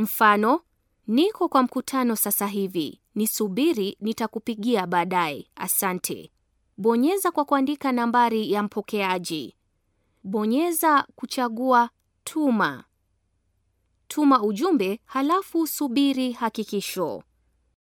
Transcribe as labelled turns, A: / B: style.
A: Mfano, niko kwa mkutano sasa hivi, nisubiri, nitakupigia baadaye, asante. Bonyeza kwa kuandika nambari ya mpokeaji. Bonyeza kuchagua tuma. Tuma ujumbe
B: halafu subiri hakikisho.